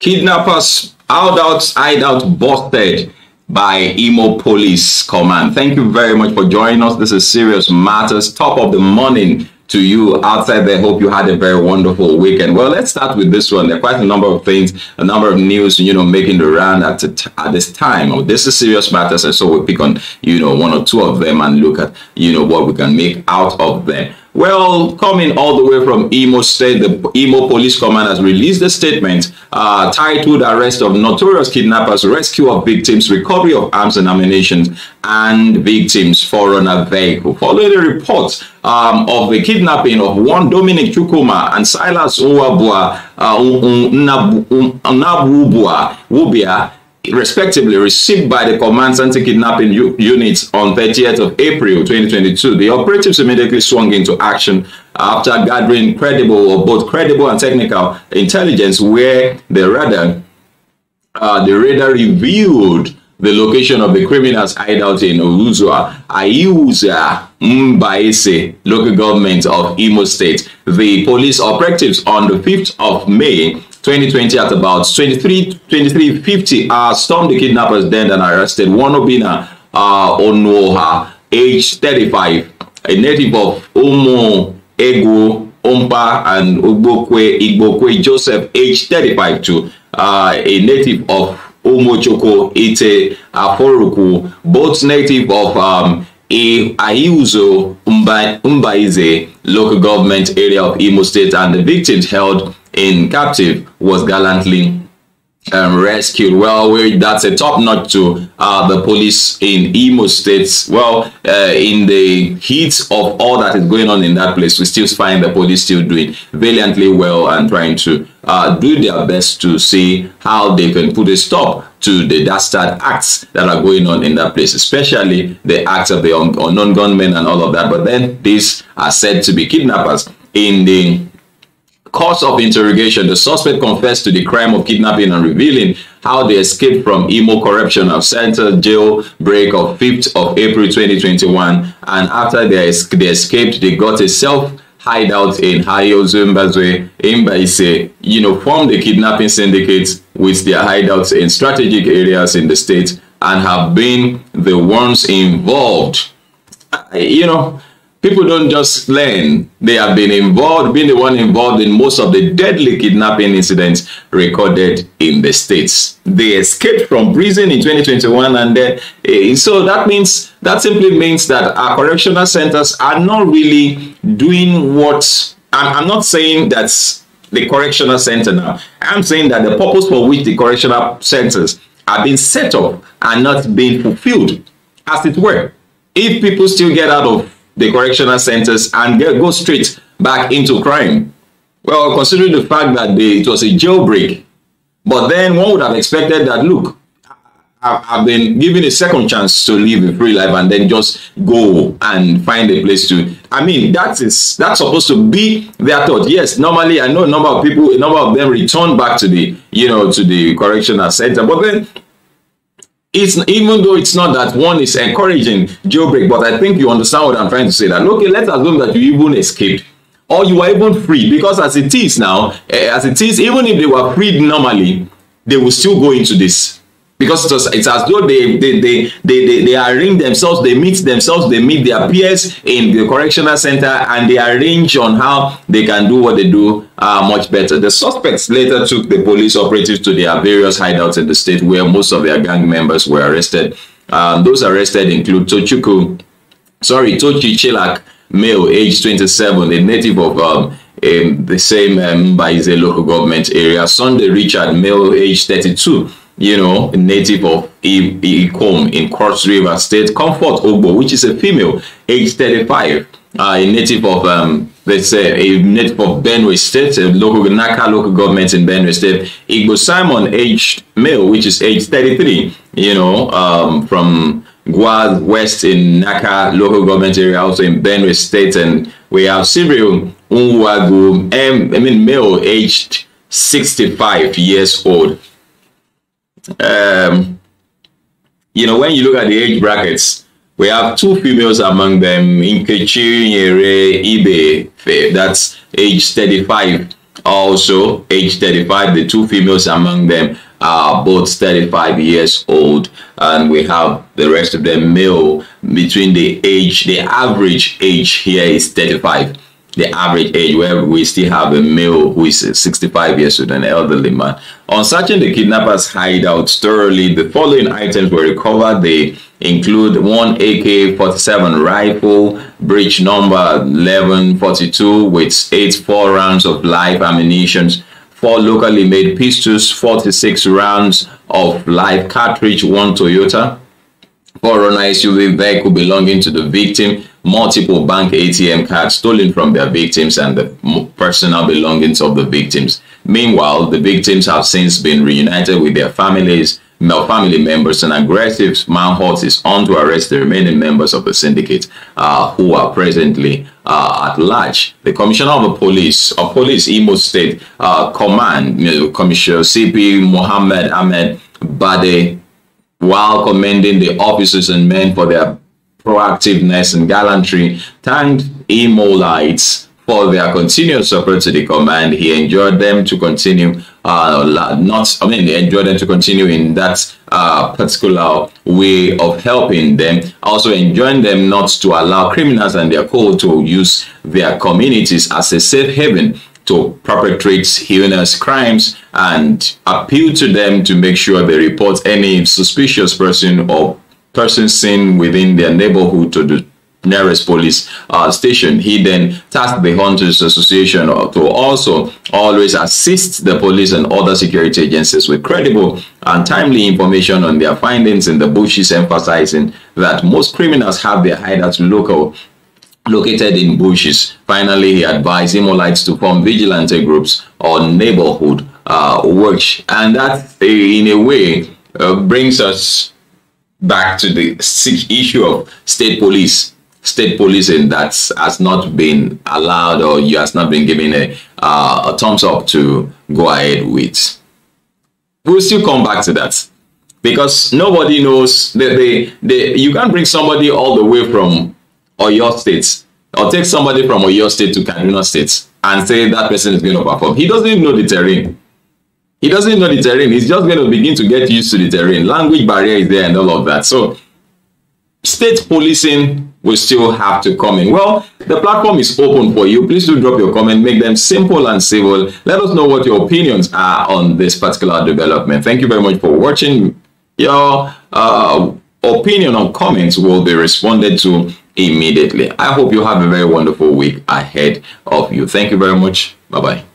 Kidnappers Adults Hideout busted by emo Police Command. Thank you very much for joining us. This is Serious Matters, top of the morning to you outside there. Hope you had a very wonderful weekend. Well, let's start with this one. There are quite a number of things, a number of news, you know, making the round at, at this time. Oh, this is serious matters. And so we we'll pick on, you know, one or two of them and look at, you know, what we can make out of them. Well, coming all the way from Imo State, the Imo Police Command has released a statement uh, titled Arrest of Notorious Kidnappers, Rescue of Victims, Recovery of Arms and Ammunition, and Victims Foreigner Vehicle. Following the reports um, of the kidnapping of one Dominic Chukuma and Silas Uwabua, uh, Nabubua, Wubia, respectively, received by the Command Anti-Kidnapping Units on 30th of April 2022, the operatives immediately swung into action after gathering credible or both credible and technical intelligence where the radar, uh, the radar revealed the location of the criminals hideout in Uruzua, Ayuza Mbaese, local government of Imo State. The police operatives on the 5th of May 2020 at about 23 2350 uh stormed the kidnappers then and arrested one of Wanobina uh Onuoha, age 35 a native of Omo Ego Ompa and Ugbokwe Igbokwe Joseph age 35 too uh, a native of Umochoko Ite Aforuku both native of um e, Ahiuzo Mba, Mbaize local government area of Imo State and the victims held in captive was gallantly um, rescued. Well, we, that's a top notch to uh, the police in Imo states. Well, uh, in the heat of all that is going on in that place, we still find the police still doing valiantly well and trying to uh, do their best to see how they can put a stop to the dastard acts that are going on in that place, especially the acts of the un unknown gunmen and all of that. But then these are said to be kidnappers in the course of interrogation, the suspect confessed to the crime of kidnapping and revealing how they escaped from Imo of Center jail break of 5th of April 2021. And after they, they escaped, they got a self hideout in Hayo, Zimbabwe, in Baise, you know, formed the kidnapping syndicate with their hideouts in strategic areas in the state and have been the ones involved. You know, people don't just learn. They have been involved, been the one involved in most of the deadly kidnapping incidents recorded in the States. They escaped from prison in 2021 and then, uh, eh, so that means, that simply means that our correctional centers are not really doing what, I'm, I'm not saying that's the correctional center now. I'm saying that the purpose for which the correctional centers are being set up are not being fulfilled, as it were. If people still get out of the correctional centers and go straight back into crime. Well, considering the fact that they, it was a jailbreak, but then one would have expected that, look, I've been given a second chance to live a free life and then just go and find a place to. I mean, that is that's supposed to be their thought. Yes, normally I know a number of people, a number of them return back to the you know to the correctional center, but then it's even though it's not that one is encouraging jailbreak, but I think you understand what I'm trying to say. That okay, let's assume that you even escaped or you are even free because as it is now, eh, as it is, even if they were freed normally, they will still go into this. because it's, it's as though they they, they they they they arrange themselves they meet themselves they meet their peers in the correctional center and they arrange on how they can do what they do uh, much better the suspects later took the police operatives to their various hideouts in the state where most of their gang members were arrested um, those arrested include tochuku sorry tochi chilak male age 27 a native of um, the same um, by the local government area sunday richard male age 32 you know, native of Ikom in Cross River State, Comfort Ogbo, which is a female, age 35, uh, a native of, um, let's say, a native of Benue State, a local Naka local government in Benue State, Igbo Simon, aged male, which is age 33, you know, um, from Gwa West in Naka local government area, also in Benue State, and we have Cyril Unwagu, M, I mean, male, aged 65 years old um, you know, when you look at the age brackets, we have two females among them, Nkechi Nyere Ibe, that's age 35. Also, age 35, the two females among them are both 35 years old and we have the rest of them male between the age, the average age here is 35 the average age where we still have a male who is 65 years old, an elderly man. On searching the kidnappers' hideout thoroughly, the following items were recovered. They include one AK-47 rifle, breach number 1142 with eight four rounds of live ammunition, four locally made pistols, 46 rounds of live cartridge, one Toyota, four Runner SUV vehicle belonging to the victim, multiple bank ATM cards stolen from their victims and the personal belongings of the victims. Meanwhile, the victims have since been reunited with their families, male family members, and aggressive manhunt is on to arrest the remaining members of the syndicate uh, who are presently uh, at large. The Commissioner of the Police, of Police Imo State uh, Command, Commissioner CP Mohammed Ahmed Bade, while commending the officers and men for their proactiveness and gallantry, thanked Emolites for their continued support to the command. He enjoyed them to continue, uh, not, I mean, he enjoyed them to continue in that uh, particular way of helping them. Also enjoined them not to allow criminals and their code to use their communities as a safe haven to perpetrate heinous crimes and appeal to them to make sure they report any suspicious person or person seen within their neighborhood to the nearest police uh, station. He then tasked the Hunters Association uh, to also always assist the police and other security agencies with credible and timely information on their findings in the bushes, emphasizing that most criminals have their hideouts local located in bushes. Finally, he advised Imolites to form vigilante groups or neighborhood uh, watch. And that, in a way, uh, brings us back to the issue of state police state policing that has not been allowed or you has not been given a, uh, a thumbs up to go ahead with. We'll still come back to that because nobody knows that they, they you can't bring somebody all the way from your State or take somebody from your State to Kaduna State and say that person is going to perform. He doesn't even know the terrain he doesn't know the terrain. He's just going to begin to get used to the terrain. Language barrier is there and all of that. So state policing will still have to come in. Well, the platform is open for you. Please do drop your comment. Make them simple and civil. Let us know what your opinions are on this particular development. Thank you very much for watching. Your uh, opinion or comments will be responded to immediately. I hope you have a very wonderful week ahead of you. Thank you very much. Bye-bye.